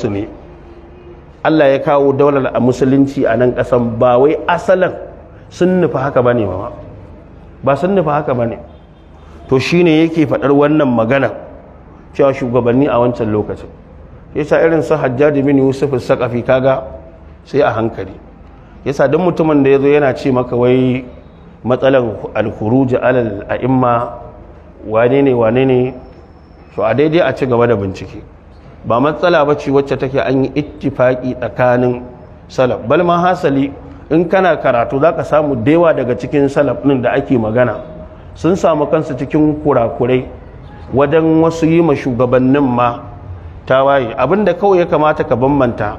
su ne Allah ya kawo daular a musulunci a nan kasan. ba wai asalin sun nufa haka ba ne ba ba sun nufa haka ba ne to shi ne yake faɗar wannan magana cewa shugabanni a wancan lokacin yasa irin su hajjaji bin yusuf sakafi kaga sai a hankali yasa don mutumin da ya zo yana ce maka wai matsalan alhuruji alal a'imma wane ne wane ne to a daidai a ci gaba da bincike ba matsala ba ce wacce take an yi ittifaki tsakanin salaf bal ma hasali in kana karatu za ka samu dewa daga cikin salaf ɗin da ake magana sun samu kansu cikin kurakurai wajen wasu yi ma shugabannin ma tawaye abinda kawai ya kamata ka bambanta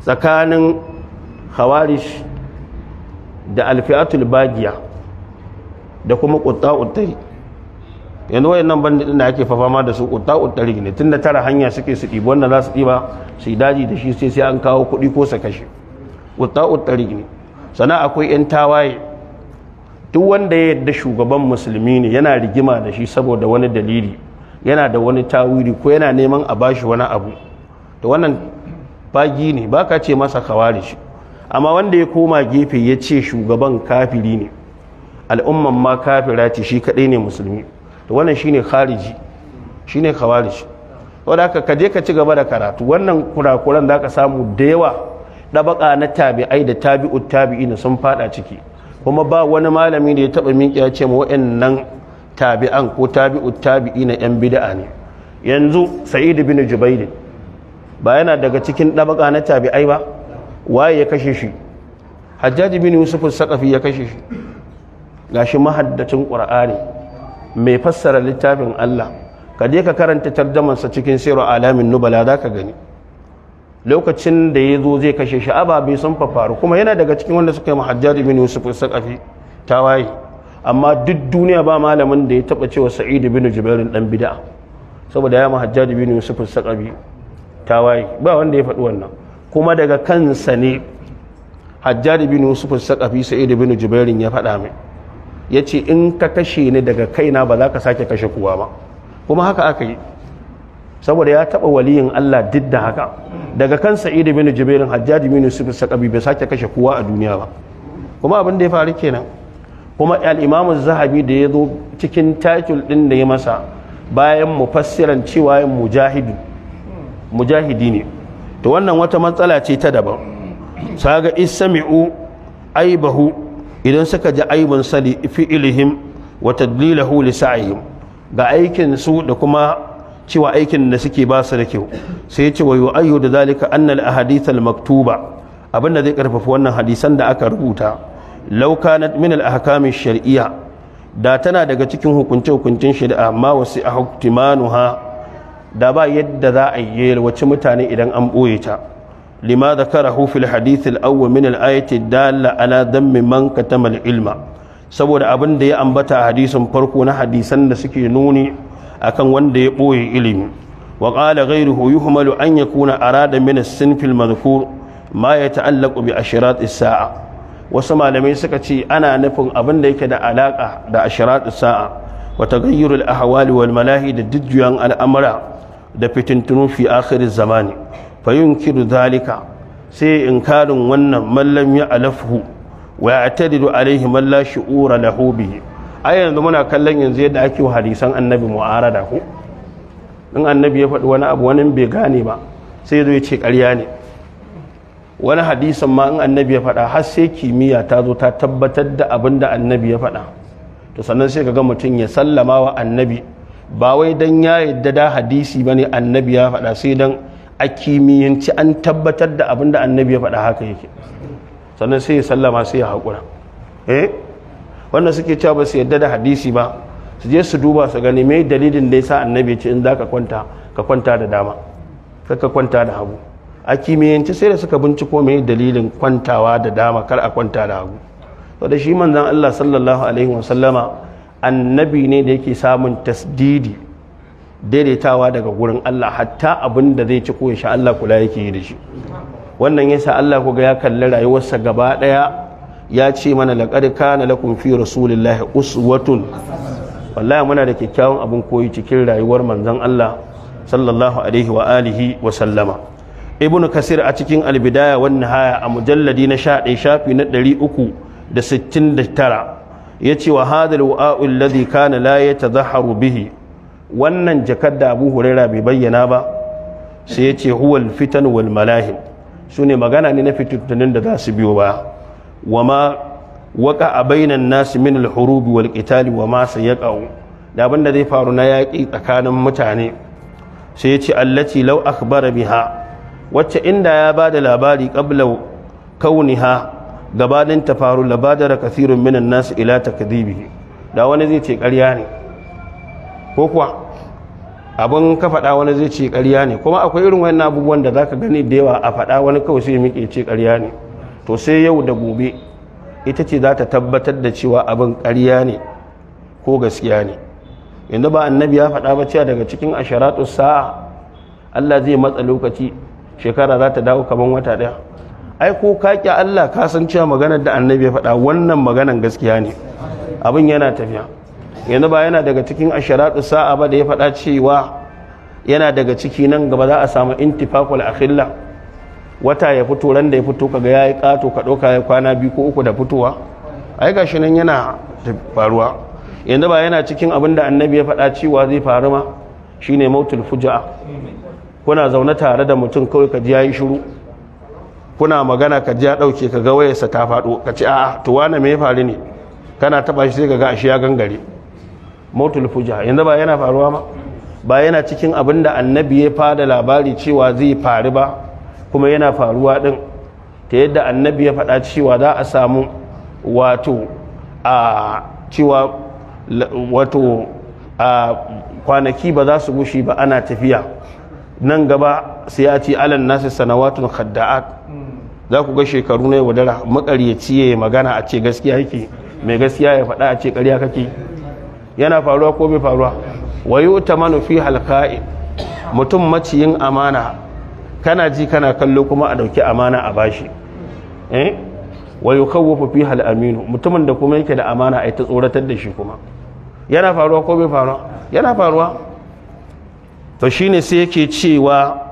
tsakanin hawarish da alfi'atul bagiya da kuma ƙutta'uttari yanzu wayannan bandit da ake fafama da su utta utta ne da tara hanya suke su ɗibi wanda za su ɗiba su yi daji da shi sai sai an kawo kuɗi ko sa kashe utta utta ne sana akwai yan tawaye duk wanda ya yadda shugaban musulmi ne yana rigima da shi saboda wani dalili yana da wani tawiri ko yana neman a bashi wani abu to wannan bagi ne baka ce masa kawari shi amma wanda ya koma gefe ya ce shugaban kafiri ne al'umman ma kafira ce shi kaɗai ne musulmi to wannan shine khariji shine khawarij wanda haka ka je ka ci gaba da karatu wannan kurakuran da ka samu da yawa dabaka na tabi'ai da tabi'ut tabi'in sun fada ciki kuma ba wani malami da ya taba minki ya ce ma wa'annan tabi'an ko tabi'ut tabi'in yan bid'a ne yanzu sa'id bin jubayr ba yana daga cikin dabaka na tabi'ai ba waye ya kashe shi hajjaji bin yusuf sakafi ya kashe shi gashi mahaddacin qur'ani mai fassara littafin Allah ka je ka karanta tarjamansa cikin siru alamin nubala za ka gani lokacin da ya zo zai kashe shi ababe sun fafaru kuma yana daga cikin wanda suka yi mahajjari bin yusuf sakafi tawaye amma duk duniya ba malamin da ya taba cewa sa'idu bin jubairin dan bid'a saboda ya mahajjari bin yusuf sakafi tawaye ba wanda ya faɗi wannan kuma daga kansa ne hajjari bin yusuf sakafi sa'idu bin jubairin ya faɗa mai ya ce in ka kashe ni daga kaina ba za ka sake kashe kowa ba kuma haka aka yi saboda ya taɓa waliyin Allah duk da haka daga kan sa'idu bin jibairin hajjaji bin yusuf saqabi bai sake kashe kowa a duniya ba kuma abin da ya faru kenan kuma al-imamu zahabi da ya zo cikin takil ɗin da ya masa bayan mufassiran cewa yin mujahidi ne to wannan wata matsala ce ta daban saga isami'u aibahu idan suka ji aibun sali fi'ilihim wa tadlilahu li sa'ihim ga aikin su da kuma cewa aikin da suke ba su da kyau sai ce wa yu'ayyu da zalika anna al ahadith al maktuba abinda zai karfafa wannan hadisan da aka rubuta law kanat min al ahkam shar'iyya da tana daga cikin hukunce hukuncin shari'a ma wasi ahtimanuha da ba yadda za a yi wace mutane idan an boye ta لما ذكره في الحديث الأول من الآية الدالة على ذم من كتم العلم saboda abin da ya ambata a hadisin farko na hadisan da suke nuni akan wanda ya ɓoye ilimi wa qala ghayruhu yuhmalu an yakuna arada min as-sinf al-madhkur ma yata'allaqu bi ashrat as-sa'a wasu malamai suka ce ana nufin abin da yake da alaka da ashrat as-sa'a wa taghayyur al-ahwal wal malahi da dijjuyan al'amara da fitintunu fi akhir az-zamani fayunkiru zalika sai inkarin wannan mallam ya alafu wa ya'tadidu alaihi malla la shu'ura lahu bihi yanzu muna kallon yanzu yadda ake wa hadisan annabi mu'arada ko in annabi ya faɗi wani abu wani bai gane ba sai zo ya ce ƙarya ne wani hadisan ma in annabi ya faɗa har sai kimiyya ta zo ta tabbatar da abin da annabi ya faɗa to sannan sai kaga mutum ya sallama wa annabi ba wai dan ya yi da hadisi ne annabi ya faɗa sai dan a kimiyyanci an tabbatar da abin da annabi ya faɗa haka yake sannan sai ya sallama sai ya haƙura eh Wannan suke cewa ba su yadda da hadisi ba su je su duba su gani mai dalilin da ya sa annabi ce in za ka kwanta ka kwanta da dama ka ka kwanta da hagu a kimiyyanci sai da suka binciko mai dalilin kwantawa da dama kar a kwanta da hagu to da shi manzon Allah sallallahu alaihi wasallama annabi ne da yake samun tasdidi daidaitawa daga gurin Allah hatta abin da zai ci ko sha Allah kula yake yi da shi wannan yasa Allah ku ga ya kalli rayuwarsa gaba daya ya ce mana laqad kana lakum fi rasulillahi uswatun wallahi muna da kyakkyawan abin koyi cikin rayuwar manzon Allah sallallahu alaihi wa alihi wa sallama ibnu kasir a cikin albidaya wan haya a mujalladi na 11 shafi na 369 yace wa hadha alwa'u alladhi kana la yatadhahharu bihi wannan jakar da abu huraira bai bayyana ba sai ya ce huwal fitan wal malahim su ne magana ne na fitattunin da za su biyo ba wa ma waka a bainan nasu min alhurubi wal qitali wa ma sayaqau da abinda zai faru na yaƙi tsakanin mutane sai ya ce allati lau akhbara biha wacce inda ya ba da labari qabla kauniha gabanin ta faru labadara kathirun minan nasu ila takdibi da wani zai ce ƙarya ne ko kuwa abin ka faɗa wani zai ce karya ne kuma akwai irin wani abubuwan da zaka gani da yawa a faɗa wani kawai sai muke ce karya ne to sai yau da gobe ita ce za ta tabbatar da cewa abin karya ne ko gaskiya ne inda ba annabi ya faɗa ba cewa daga cikin asharatu sa'a Allah zai matsa lokaci shekara za ta dawo kaman wata ɗaya ai ko ka Allah ka san cewa maganar da annabi ya faɗa wannan maganar gaskiya ne abin yana tafiya yanzu ba yana daga cikin asharatu sa'a ba da ya fada cewa yana daga ciki nan gaba za a samu intifakul akhilla wata ya fito ran da ya fito kaga yayi kato ka doka ya kwana biyu ko uku da fitowa ai gashi nan yana faruwa yanzu ba yana cikin abin da annabi ya faɗa cewa zai faru ma shine mautul fujaa kuna zaune tare da mutum kawai ka ji yayi shiru kuna magana ka ji ya dauke ka ga wayarsa ta fado ka ce a'a to wane me ya faru ne kana taba shi sai ka ga ya gangare motul fujah yanzu ba yana faruwa ba ba yana cikin abin da annabi ya fada labari cewa zai faru ba kuma yana faruwa din ta yadda annabi ya faɗa cewa za a samu wato a cewa wato a kwanaki ba za su gushi ba ana tafiya nan gaba sai ya ce alan nasu sanawatun khadda'at za ku ga shekaru na yau dara makaryaci ya magana a ce gaskiya yake mai gaskiya ya faɗa a ce ƙarya kake yana faruwa ko bai faruwa wayo ta fi halqa'i mutum maciyin amana kana ji kana kallo kuma a dauki amana a bashi eh wa fi hal aminu mutumin da kuma yake da amana ai ta tsoratar da shi kuma yana faruwa ko bai faruwa yana faruwa to shine sai yake cewa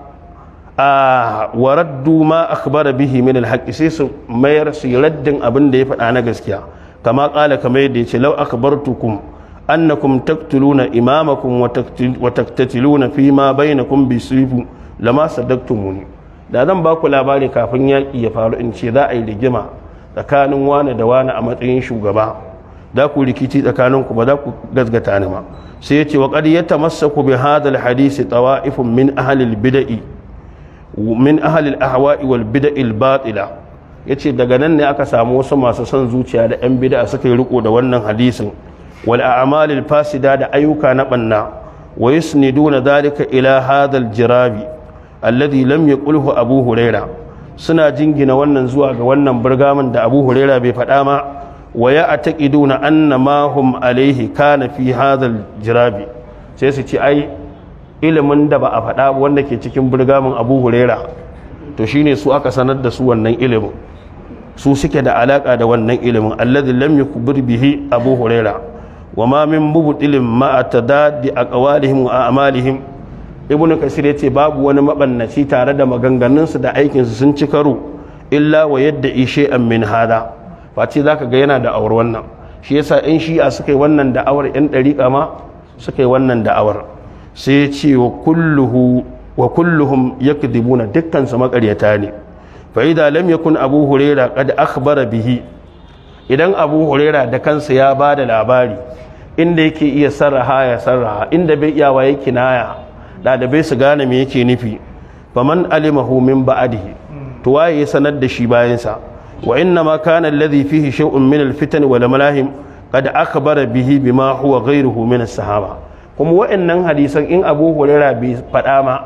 a waraddu ma akhbara bihi min alhaqi sai su mayar su raddin abin da ya faɗa na gaskiya kama kala kama yadda ya ce lau akhbartukum annakum أنكم تقتلون إمامكم وتقتتلون فيما بينكم بسيف lama صدقتموني da zan ba ku labari kafin yaki ya faru in ce za a yi rigima tsakanin wane da wane a matsayin shugaba da ku rikici tsakaninku ba za ku gazgata ni ma sai ya ce wa qad yatamassaku bi hadha hadisi ɗawa'ifin tawa'ifun min ahli al bid'i min ahli ahwa'i wal bid'i al batila yace daga nan ne aka samu wasu masu son zuciya da yan bid'a suka yi riko da wannan hadisin wal a'malil fasida da ayyuka na banna wa yusniduna dhalika ila hadha al jirabi alladhi lam yaqulhu abu huraira suna jingina wannan zuwa ga wannan burgamin da abu huraira bai faɗa ma wa ya'taqiduna anna ma hum alayhi kana fi hadha al jirabi sai su ci ai ilimin da ba a faɗa wanda ke cikin burgamin abu huraira to shine su aka sanar da su wannan ilimin su suke da alaka da wannan ilimin alladhi lam yukbir bihi abu huraira وما من مبطل ما اعتداد باقوالهم واعمالهم ابن كثير yace babu wani mabannaci tare da maganganunsu da aikinsu sun ci karo illa wa yadda ishe an min hada face zaka ga yana da awar wannan shi yasa in shi'a suka yi wannan yan dariƙa ma suka yi wannan da'awar sai ya ce wa kulluhu wa kulluhum yakdibuna dukkan su makaryata ne fa idza lam yakun abu huraira qad akhbara bihi idan abu huraira da kansa ya bada labari inda yake iya sarraha ya sarraha inda bai iyawa ya kinaya ɗalibai su gane me yake nufi man alimahu min ba'adihi to waye ya sanar da shi bayansa wa inna ma kana alladhi fihi shay'un min alfitan wal malahim qad akhbara bihi bima huwa ghayruhu min as-sahaba kuma wa'annan hadisan in Abu Hurairah bai faɗa ma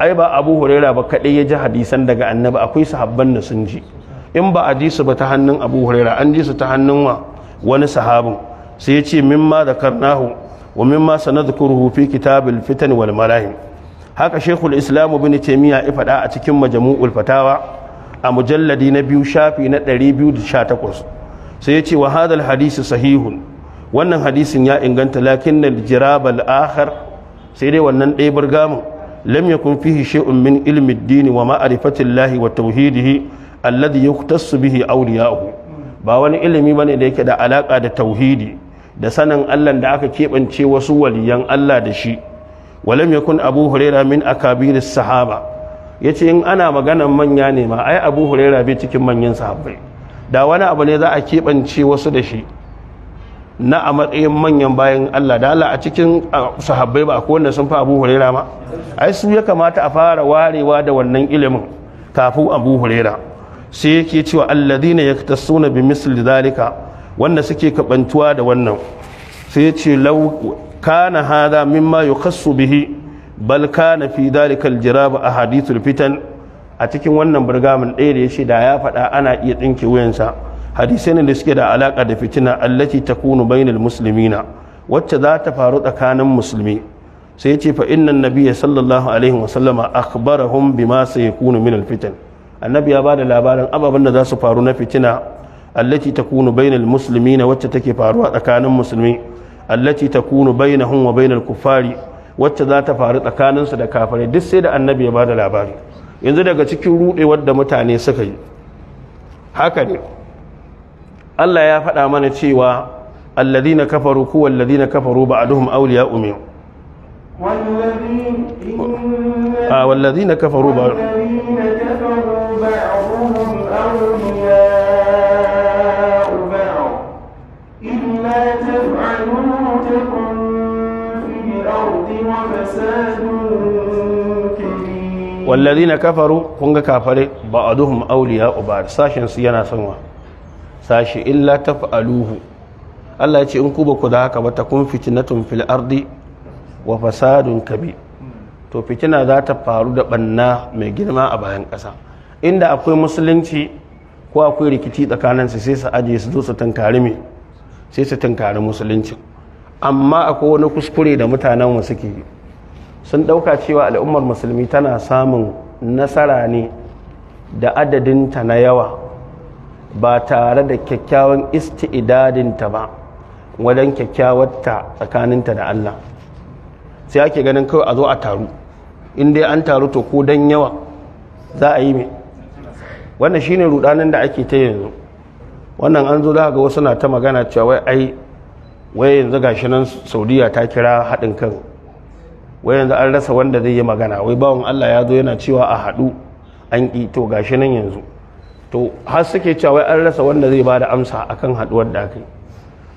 ai ba Abu Hurairah ba kadai ya ji hadisan daga Annabi akwai sahabban da sun ji in ba a ji su ba ta hannun Abu Hurairah an ji su ta hannun wa wani sahabin sai ya ce mimma da karnahu wa mimma sanadkuruhu fi kitabil fitan wal malahim haka shekul islam ibn taymiya ya faɗa a cikin majmu'ul fatawa a mujalladi na biyu shafi na 218 sai ya ce wa hadal hadisi sahihun wannan hadisin ya inganta lakin na jirabal akhar sai dai wannan ɗaya burgamin lam yakun fihi shay'un min ilmi ad-din wa ma'rifati Allah wa tauhidihi alladhi yuktassu bihi awliya'uhu ba wani ilimi bane da yake da alaka da tauhidi da sanin Allah da aka keɓance wasu waliyan Allah da shi walam yakun abu huraira min akabir sahaba Ya ce in ana maganan manya ne ma ai abu huraira bai cikin manyan sahabbai da wani abu ne za a keɓance wasu da shi na a matsayin manyan bayan Allah da Allah a cikin sahabai ba ko wanda sun fi Abu Huraira ma ai su ya kamata a fara warewa da wannan ilimin kafin Abu Huraira sai yake cewa alladhina yaktasuna bi misli zalika wanda suke kabantuwa da wannan sai ya ce law kana hadha mimma yukhassu bihi bal kana fi dhalika al-jirab ahadithul fitan a cikin wannan burgamin ɗaya da ya ce da ya faɗa ana iya tsinke wuyansa hadisai ne da suke da alaka da fitina allati takunu bainal muslimina wacce za ta faru tsakanin musulmi sai ya ce fa innan nabiyya sallallahu alaihi wa sallama akhbarahum bima sayakunu min al-fitan annabi ya bada labarin ababen da za su faru na fitina allati takunu bainal muslimina wacce take faruwa tsakanin musulmi allati takunu bainahum wa bainal kuffari wacce za ta faru tsakaninsu da kafirai duk sai da annabi ya da labari yanzu daga cikin rudewar da mutane suka yi haka ne Allah ya faɗa mana cewa والذين كفروا بعضهم wallazi na kafaru kun ga kafare ba a duhun auliya uba su yana sanwa sashi illa ta aluhu Allah ya ce in ku ba ku da haka ba ta kun tun fil ardi wa fasadun kabi to fitina za ta faru da banna mai girma a bayan ƙasa inda akwai musulunci ko akwai rikici tsakanin su sai su ajiye su zo su tunkari mai sai su tunkari musulunci amma akwai wani kuskure da mutanen mu suke yi sun ɗauka cewa al'ummar musulmi tana samun nasara ne da adadinta na yawa ba tare da kyakkyawan isti'idadinta ba wajen kyakkyawarta tsakaninta da Allah sai ake ganin kawai a zo a taru in dai an taru to ko dan yawa za a yi mai wannan shine rudanin da ake ta yanzu wannan an zo za ga wasu na ta magana cewa wai ai wai yanzu gashi nan saudiya ta kira haɗin kan wai yanzu an rasa wanda zai yi magana wai bawan Allah ya zo yana cewa a haɗu an ƙi to gashi nan yanzu to har suke cewa wai an rasa wanda zai bada amsa akan haɗuwar da aka yi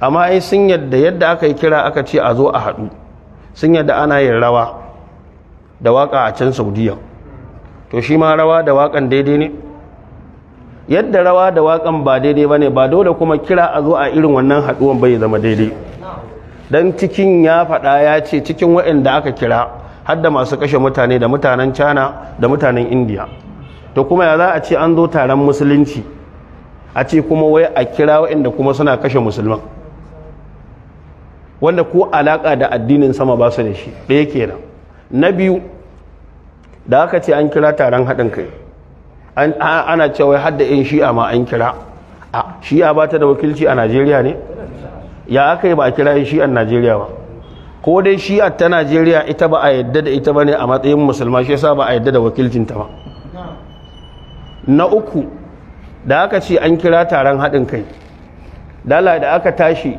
amma ai sun yadda yadda aka yi kira aka ce a zo a haɗu sun yadda ana yin rawa da waƙa a can saudiya to shi ma rawa da waƙan daidai ne yadda rawa da waƙan ba daidai ba ne ba dole kuma kira a zo a irin wannan haɗuwan bai zama daidai dan cikin ya faɗa ya ce cikin waɗanda aka kira har da masu kashe mutane da mutanen china da mutanen india to kuma ya za a ce an zo taron musulunci a ce kuma wai a kira waɗanda kuma suna kashe musulman wanda ko alaka da addinin sama ba su da shi ɗaya kenan na biyu da aka ce an kira taron haɗin kai ana cewa hadda 'yan shi'a ma an kira shi'a ba ta da wakilci a najeriya ne ya aka yi ba a kira shi'an najeriya ba ko dai shi'a ta najeriya ita ba a yadda da ita ba ne a matsayin musulma shi yasa ba a yadda da wakilcinta ba na uku da aka ce an kira taron haɗin kai dala da aka tashi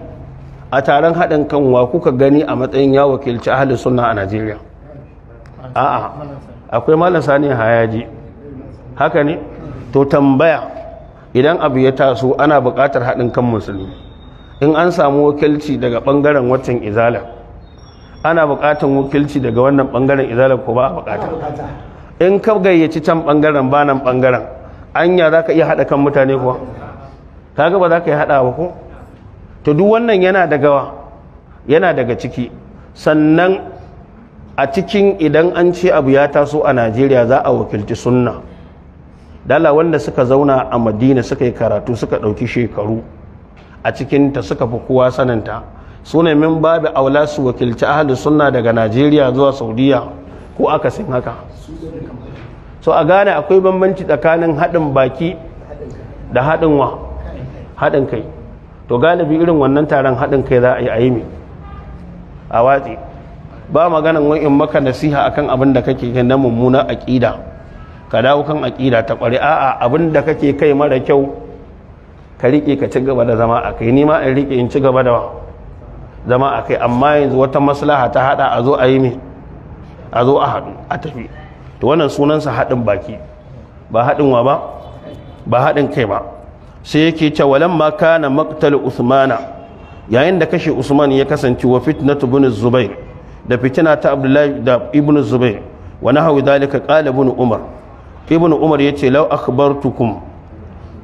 a taron haɗin kan wa kuka gani a matsayin ya wakilci ahalin suna a najeriya a'a akwai malam ne hayaji haka ne to tambaya idan abu ya taso ana bukatar haɗin kan musulmi in an samu wakilci daga bangaren watan izala ana bukatan wakilci daga wannan bangaren izala ko ba a bukata in ka gayyaci can bangaren ba nan bangaren anya za ka iya hada kan mutane kuwa ta gaba za ka yi hada ba ku. ta duk wannan yana daga yana daga ciki sannan a cikin idan an ce abu ya taso a najeriya za a wakilci sunna dala wanda suka zauna a madina suka yi karatu suka ɗauki shekaru a cikinta suka fi kowa saninta su ne min babu aula su wakilci ahalin sunna daga najeriya zuwa saudiya ko akasin haka so a gane akwai bambanci tsakanin haɗin baki da haɗin wa haɗin kai to galibi irin wannan taron haɗin kai za a yi a yi mai a watsi ba maganin wani in maka nasiha akan abin da kake kai na mummuna aƙida ka dawo kan aƙida ta ƙwari a'a abin da kake kai mara kyau ka riƙe ka ci gaba da zama a kai ni ma in riƙe in ci gaba da zama a kai amma yanzu wata maslaha ta haɗa a zo a yi mai a zo a haɗu a tafi to wannan sunansa haɗin baki ba haɗin wa ba ba haɗin kai ba sai yake cewa lamma kana maqtal usmana yayin da kashe usman ya kasance wa fitnatu ibn zubair da fitina ta abdullahi da ibn zubair wa nahawi dalika qala ibn umar ibn umar yace law akhbartukum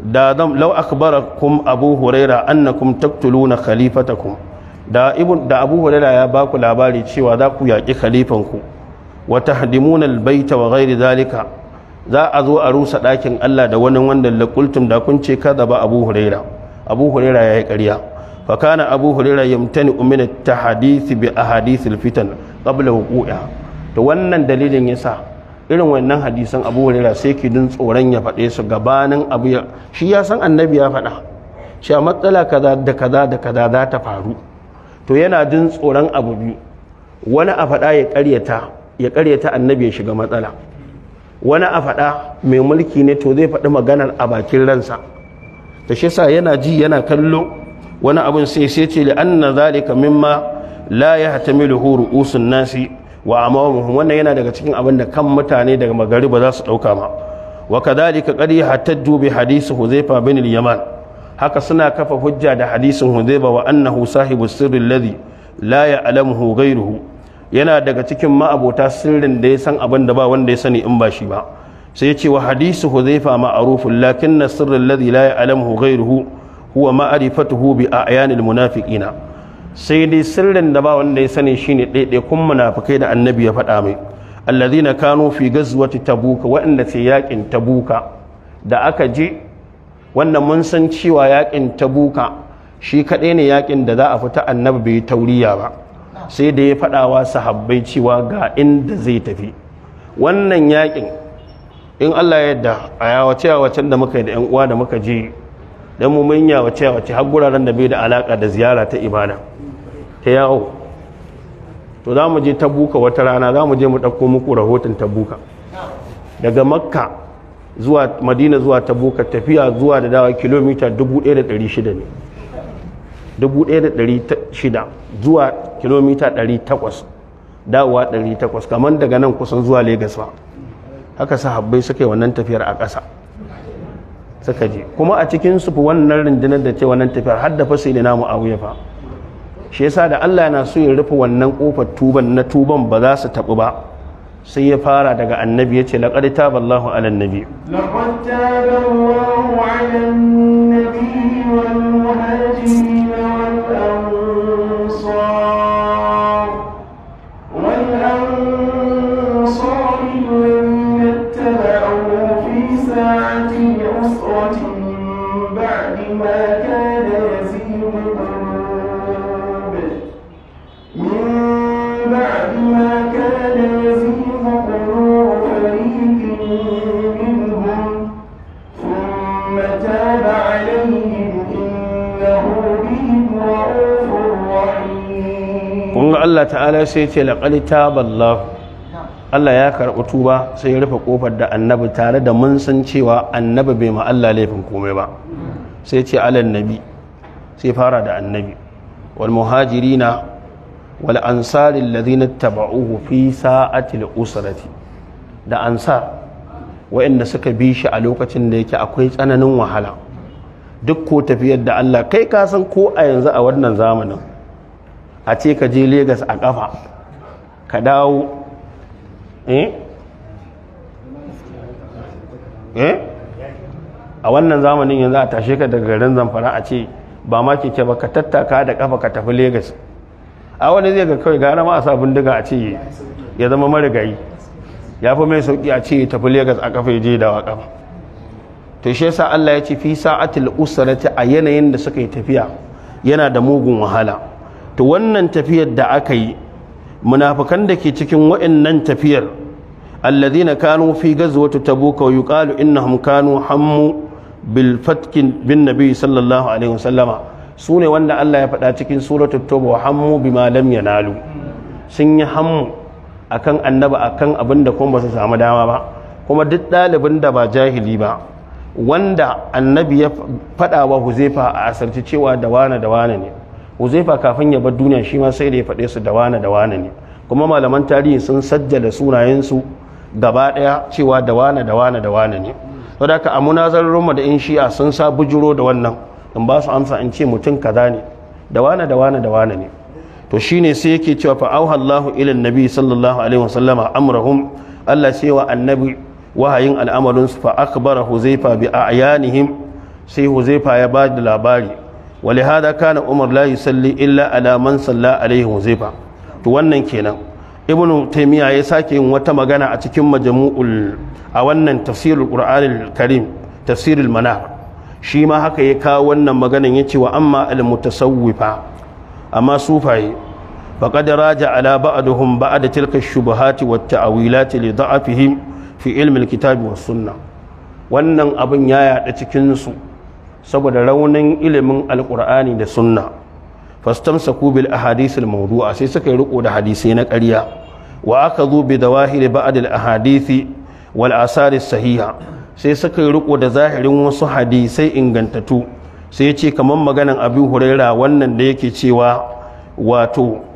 da zan lau akbarakum abu huraira annakum taktuluna khalifatakum da ibn da abu huraira ya ba ku labari cewa za ku yaƙi khalifanku wa tahdimuna albayta wa ghairi zalika za a zo a rusa ɗakin Allah da wani wanda laqultum da kun ce kada ba abu huraira abu huraira yayi ƙarya fa kana abu huraira yamtani min at-tahdith bi ahadith al-fitan qabla wuqu'iha to wannan dalilin yasa irin wannan hadisan abu hurera sai ke din tsoron ya faɗe su gabanin abu ya shi ya san annabi ya faɗa shi a matsala kaza da kaza da kaza za ta faru to yana jin tsoron abu biyu wani a faɗa ya ƙaryata ya ƙaryata annabi ya shiga matsala wani a faɗa mai mulki ne to zai faɗi maganar a bakin ransa ta shi sa yana ji yana kallo wani abin sai sai ce li'anna zalika mimma la huru ru'usun nasi wa amawahum wannan yana daga cikin abin da kan mutane daga magari ba za su dauka ma wa kadhalika qad yahtaju bi hadisi huzaifa bin al-yaman haka suna kafa hujja da hadisin huzaifa wa annahu sahibu sirri alladhi la ya'lamuhu ghayruhu yana daga cikin ma'abota sirrin da ya san abin da ba wanda ya sani in ba shi ba sai yace wa hadisu huzaifa ma'arufun lakinna sirrin alladhi la ya'lamuhu ghayruhu huwa ma'rifatuhu bi a'yanil munafiqina sai dai sirrin da ba wanda ya sani shine kun munafikai da annabi ya faɗa mai alladhina kanu fi ghazwati tabuka waanda sai yakin tabuka da aka je wannan mun san cewa yakin tabuka shi kaɗai ne yakin da za a fita annabi bai tauriya ba sai da ya faɗawa sahabbai cewa ga inda zai tafi wannan yakin in Allah ya yarda a yawace yawacen da muka yi da yan uwa da muka je dan mu mun yawace yawace har guraren da bai da alaka da ziyara ta ibada ta yawo to za mu je tabuka wata rana za mu je mu ɗauko muku rahoton tabuka daga makka zuwa madina zuwa tabuka tafiya zuwa da dawa kilomita 1600 ne 1600 zuwa kilomita 800 dawa 800 kamar daga nan kusan zuwa Legas ba haka sahabbai suka yi wannan tafiyar a ƙasa suka je kuma a cikin sufu wannan rundunar da ce wannan tafiyar har da fasili abu ya fa shi yasa da Allah yana so ya rufe wannan kofar tuban na tuban ba za su tabu ba sai ya fara daga annabi ya ce laƙar taballahu ala annabi laqad nabi wal muhajirin wal ansar kun ga Allah ta'ala sai ce laqad taballahu Allah ya karɓi tuba sai ya rufe kofar da annabi tare da mun san cewa annabi bai ma Allah laifin komai ba sai ce alan nabi sai fara da annabi wal muhajirina wal ansari alladhina tabauhu fi sa'atil usrati da ansar wa'anda suka bi shi a lokacin da yake akwai tsananin wahala duk ko tafiyar da Allah kai ka san ko a yanzu a wannan zamanin a ce ka je Legas a ƙafa ka dawo eh? eh a wannan zamanin yanzu a tashe ka daga garin zamfara a ce ba ma keke ba ka tattaka da kafa ka tafi Legas a wani zai ga kawai gara ma a sa bindiga a ce ya zama marigayi ya fi mai sauki a ce tafi Legas a kafa ya je dawa kafa to shi yasa Allah ya ce fi sa'atil usrati a yanayin da suka yi tafiya yana da mugun wahala to wannan tafiyar da aka yi munafukan da ke cikin wa'annan tafiyar alladhina kanu fi ghazwati tabuk wa yuqalu innahum kanu hammu bil fatkin bin nabi sallallahu alaihi wasallama sune wanda Allah ya faɗa cikin suratul tauba wa hammu bima lam yanalu sun yi hammu akan annaba akan abinda kuma ba su samu dama ba kuma duk ɗalibin da ba jahili ba wanda annabi ya faɗa wa huzaifa a asarci cewa da wane da wane ne uzaifa kafin ya bar duniya shi ma sai da ya faɗe su da wane da wane ne kuma malaman tarihi sun sajjala sunayensu gaba ɗaya cewa da wane da wane da wane ne da ka da in shi'a sun sa bujuro da wannan in ba su amsa in ce mutum kaza ne da wane da wane da wane ne to shine sai yake cewa fa auhallahu ila annabi sallallahu alaihi wasallama amrahum Allah sai annabi wahayin al'amarin su fa akbara huzaifa bi a ayanihim sai huzaifa ya ba da labari ولهذا كان عمر لا يصلي alaman على من صلى عليه حذيفة to wannan kenan ibn taymiya ya sake yin wata magana a cikin majmu'ul a wannan tafsirul qur'anil karim tafsirul manah shi ma haka ya kawo wannan maganan yace wa amma al mutasawwifa amma sufaye faqad raja ala ba'dihum ba'd tilka shubuhati wat ta'wilat li da'afihim fi ilmi al kitabi was sunnah wannan abin ya yada cikin su saboda raunin ilimin alkur'ani da sunna fastamsaku a ahadithil mawdu'a sai suka yi riko da hadisai na ƙarya wa aka zo bi wahiri ba'd a hadisi wal asari sahiha sai suka yi riko da zahirin wasu hadisai ingantattu sai ce kamar maganan abu huraira wannan da yake cewa wato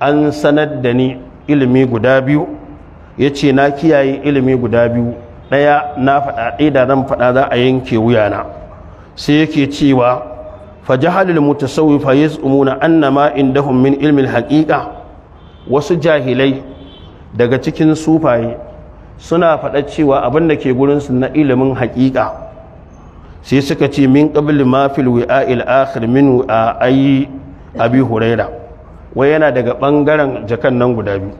an sanar da ni ilimi guda biyu ya ce na kiyaye ilimi guda biyu ɗaya na faɗa ɗaya da zan faɗa za a yanke wuyana sai yake cewa fajahalul mutasawwifa yaz'umuna annama indahum min ilmin haƙiƙa wasu jahilai daga cikin sufaye suna faɗa cewa abinda ke gurin su na ilimin haƙiƙa sai suka ce min qabl ma fil wi'a'il akhir min wi'a'i abi huraira wai yana daga ɓangaren jakan nan guda biyu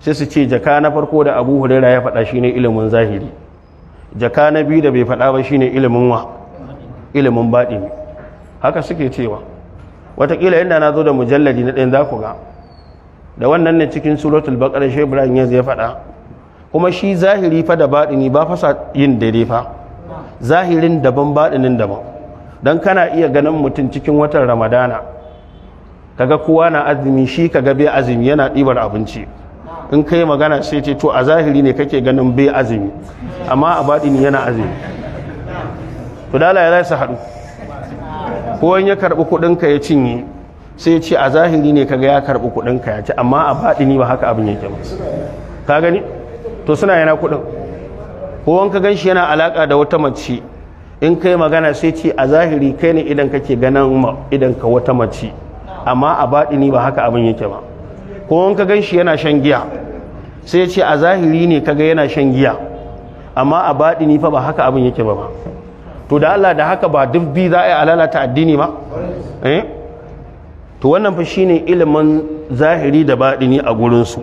sai su ce jaka na farko da abu huraira ya faɗa shine ilimin zahiri jaka na biyu da bai faɗa ba shine ilimin wa ilimin baɗi ne haka suke cewa watakila inda na zo da mujalladi na ɗayan za ku ga da wannan ne cikin suratul baƙar shi ibrahim ya zai faɗa kuma shi zahiri fa da baɗi ne ba fasa yin daidai fa zahirin daban baɗinin daban don kana iya ganin mutum cikin watan ramadana kaga kowa na azumi shi kaga bai azumi yana ɗibar abinci in kai magana sai ce to a zahiri ne kake ganin bai azumi amma a baɗi ne yana azumi to da Allah ya su haɗu ko wani ya karɓi kuɗinka ya cinye sai ce a zahiri ne kaga ya karɓi kuɗinka ya ce amma a ni ba haka abin yake ba ka gani to suna yana kuɗin ko ka gan shi yana alaƙa da wata mace in kai magana sai ce a zahiri kai ne idan kake ganin idan ka wata mace amma a ni ba haka abin yake ba ko wani ka ganshi yana shan giya sai ce a zahiri ne kaga yana shan giya amma a baɗini fa ba haka abin yake ba ba to da Allah da haka ba duk bi za a lalata addini ba eh to wannan fa shine ilimin zahiri da baɗini a gurinsu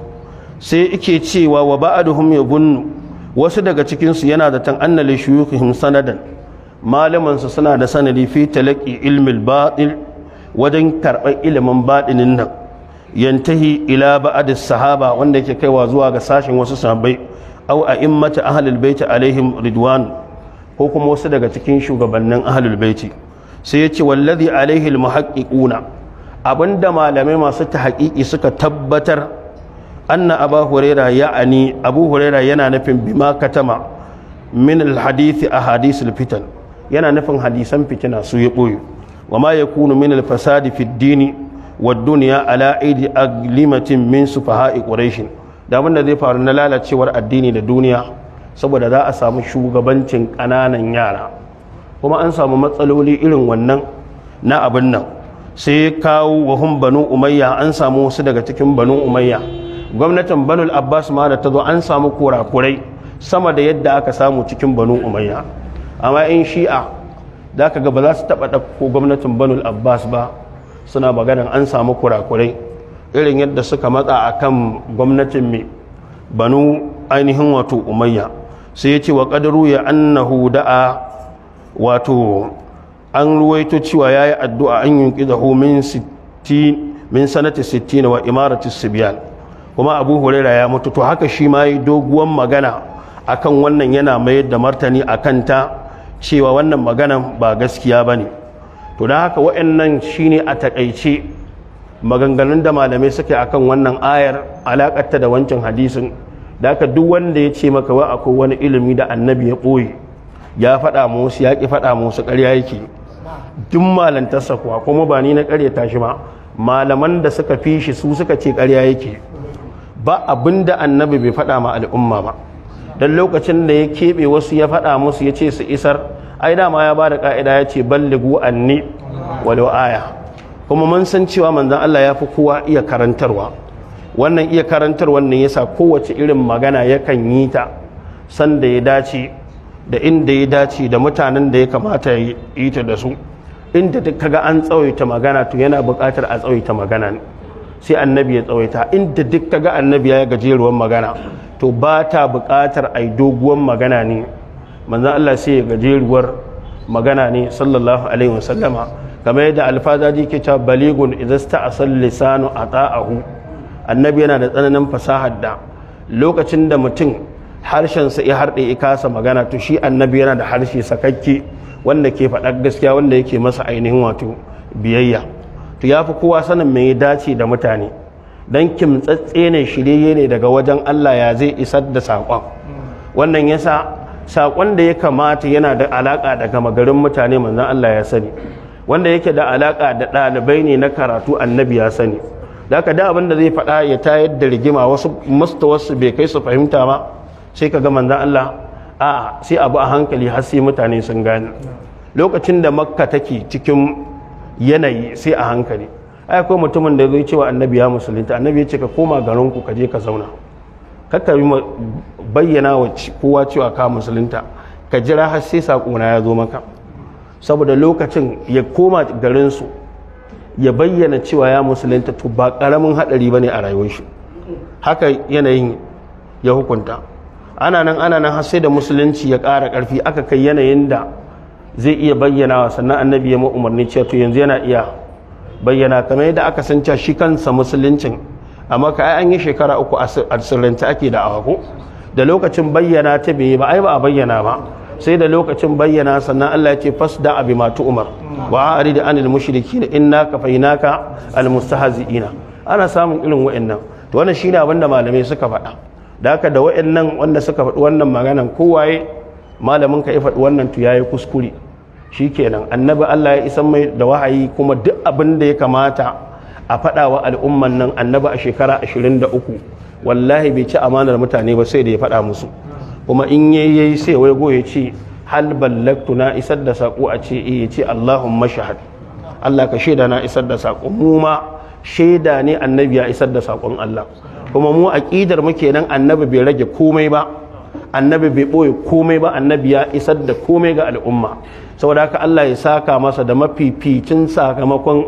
sai ike cewa wa ba'aduhum gunnu wasu daga cikinsu yana da tan annali shuyukhihim sanadan malaman suna da sanadi fi talaqi ilmil batil wajen karɓar ilimin baɗinin nan yantahi ila ba'ad sahaba wanda yake kaiwa zuwa ga sashin wasu sahabbai au a'immat ahlul bait alaihim ridwan ko kuma wasu daga cikin shugabannin ahalul baiti sai ya ce wallazi alaihi almuhaqiquna abinda malamai masu tahqiqi suka tabbatar anna abu huraira ya'ani abu huraira yana nufin bima katama min alhadith ahadith alfitan yana nufin hadisan fitina su ya boye wama yakunu min alfasad fi ad wa wad-dunya ala aidi aglimatin min sufaha'i quraish da abinda zai faru na lalacewar addini da duniya saboda za a samu shugabancin ƙananan yara kuma an samu matsaloli irin wannan na abin nan sai kawo wahun banu umayya an samu wasu daga cikin banu umayya gwamnatin banul abbas ma da ta zo an samu kurakurai sama da yadda aka samu cikin banu umayya amma in shi'a da ka ga ba za su taɓa ɗauko gwamnatin banul abbas ba suna maganin an samu kurakurai irin yadda suka matsa akan gwamnatin mai banu ainihin wato umayya sai ya ce wa ƙadaru ya annahu da'a wato an ruwaito cewa ya yi addu'a an yunƙi zaho min sanata sittin wa imaratis sibiyan kuma abu huraira ya mutu to haka shi ma yi doguwan magana a kan wannan yana mayar da martani a ta cewa wannan maganan ba gaskiya ba ne to don haka waɗannan shi ne a taƙaice maganganun da malamai suke a kan wannan ayar alaƙarta da wancan hadisin da aka duk wanda ya ce maka wa akwai wani ilimi da annabi ya ɓoye ya faɗa musu ya ƙi faɗa musu ƙarya yake duk malantarsa kuwa kuma ba ni na ta shi ba malaman da suka fi shi su suka ce ƙarya yake ba abin da annabi bai faɗa ma al'umma ba don lokacin da ya keɓe wasu ya faɗa musu ya ce su isar ai dama ya ba da ƙa'ida ya ce balligu anni walau aya kuma mun san cewa manzon Allah ya fi kowa iya karantarwa wannan iya karantar wannan yasa kowace irin magana yakan yi ta sanda ya dace da inda ya dace da mutanen da ya kamata ya yi ta da su inda duk kaga an tsawaita magana to yana buƙatar a tsawaita magana sai annabi ya tsawaita inda duk kaga annabi ya gajeruwar magana to ba ta buƙatar a yi doguwar magana ne manzan Allah sai ya gajeruwar magana ne sallallahu alaihi wasallama kamar yadda alfazaji ke cewa baligun idza a lisanu ata'ahu annabi yana da tsananin fasahar da lokacin da mutum harshensa ya harɗe ya kasa magana to shi annabi yana da harshe sakakke wanda ke faɗar gaskiya wanda yake masa ainihin wato biyayya to ya fi kowa sanin mai dace da mutane don kimtsatse ne shirye ne daga wajen Allah ya zai isar da saƙon wannan ya sa saƙon da ya kamata yana da alaƙa da gama mutane manzan Allah ya sani wanda yake da alaƙa da ɗalibai ne na karatu annabi ya sani da ka da abin da zai faɗa ya tayar da rigima wasu musta wasu bai kai su fahimta ba sai ka ga manzan Allah a sai abu a hankali har sai mutane sun gane lokacin da makka take cikin yanayi sai a hankali ai akwai mutumin da zai cewa annabi ya musulunta annabi ya ce ka koma garinku ka je ka zauna kakka bayyana wa kowa cewa ka musulunta ka jira har sai sakona ya zo maka saboda lokacin ya koma garinsu ya bayyana cewa ya musulunta to ba karamin hadari bane a rayuwar haka yanayin ya hukunta ana nan ana nan har sai da musulunci ya ƙara ƙarfi aka kai yanayin da zai iya bayyanawa sannan annabi ya umarni cewa to yanzu yana iya bayyana kamar yadda aka san cewa shi kansa musuluncin amma ka ai an yi shekara uku a sirrance ake da awa ko da lokacin bayyana ta bai ba ai ba a bayyana ba sai da lokacin bayyana sannan Allah ya ce fasda abi ma umar wa da anil mushrikin ka kafainaka ina. ana samun irin wa'annan to shi shine abinda malamai suka faɗa da haka da wa'annan wanda suka faɗi wannan maganan kowaye malamin ka ya faɗi wannan to yayi kuskure kenan annabi Allah ya isan mai da wahayi kuma duk abin da ya kamata a faɗa wa al'umman nan annabi a shekara ashirin da uku. wallahi bai ci amanar mutane ba sai da ya faɗa musu kuma in yayi sai wai goye ce hal ballaktu na isar da sako a ce eh ce Allahumma shahad Allah ka shaida na isar da saƙo mu ma shaida ne annabi ya isar da saƙon Allah kuma mu aqidar mu kenan annabi bai rage komai ba annabi bai boye komai ba annabi ya isar da komai ga al'umma saboda haka Allah ya saka masa da mafificin sakamakon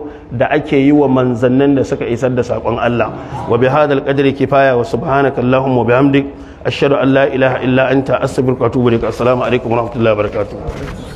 da ake yi wa manzannin da suka isar da sakon Allah wa bihadal qadri kifaya wa allahumma wa bihamdika ashhadu an la ilaha illa anta astaghfiruka wa atubu ilaik assalamu alaikum wa rahmatullahi